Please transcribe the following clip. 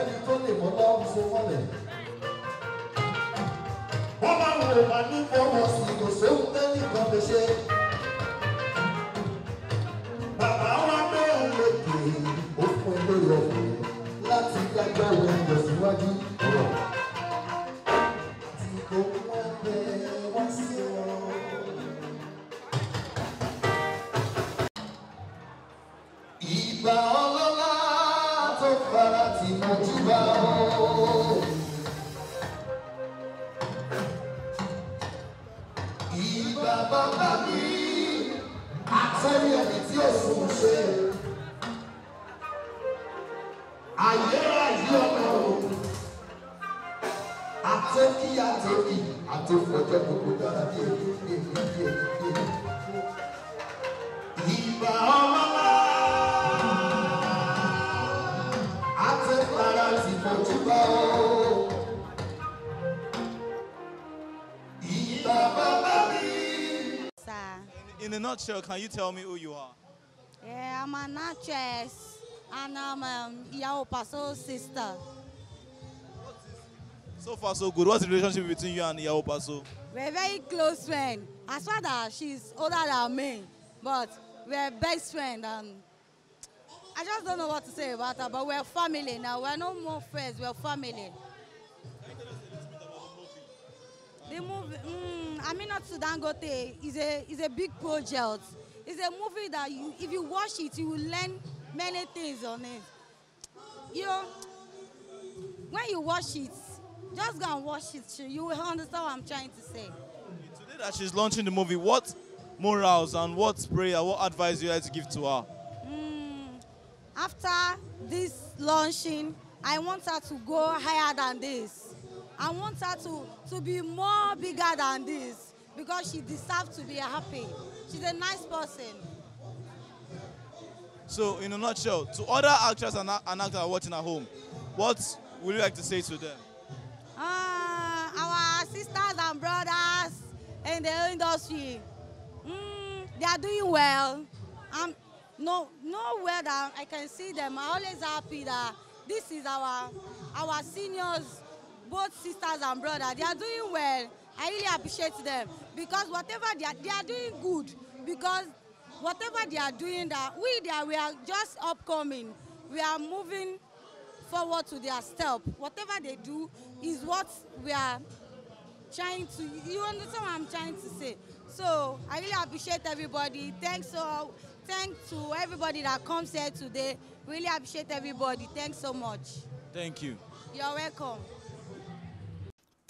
sẹ́ni tó lè mọ́ lọ́wọ́ so wá láti mojúbà ó. Ìgbà bàbá mi àtẹ́rí ẹni tí ó sùn ṣe. Àyérayé ọmọ o. Àtẹ́kí àtẹ́kí àtẹ́fọ̀jẹ́ gbogbo dára bí èmi bí èmi bí èmi. Ìgbà ọmọ. in a nutshell, can you tell me who you are? Yeah, I'm an actress and I'm um, Yao Paso's sister. So far, so good. What's the relationship between you and Yao Paso? We're very close friends. As far as she's older than me, but we're best friends. And I just don't know what to say about her, but we're family now. We're no more friends, we're family. The movie, mm, Amina to Dangote is a, is a big project. It's a movie that you, if you watch it, you will learn many things on it. You know, when you watch it, just go and watch it. You will understand what I'm trying to say. Today that she's launching the movie, what morals and what prayer, what advice do you like to give to her? Mm, after this launching, I want her to go higher than this. I want her to, to be more bigger than this because she deserves to be happy. She's a nice person. So, in a nutshell, to other actors and, and actors watching at home, what would you like to say to them? Uh, our sisters and brothers in the industry, mm, they are doing well. I'm no, nowhere that I can see them. I'm always happy that this is our, our seniors both sisters and brother, They are doing well. I really appreciate them because whatever they are, they are doing good because whatever they are doing, that we there we are just upcoming. We are moving forward to their step. Whatever they do is what we are trying to. You understand what I'm trying to say? So I really appreciate everybody. Thanks so thanks to everybody that comes here today. Really appreciate everybody. Thanks so much. Thank you. You're welcome.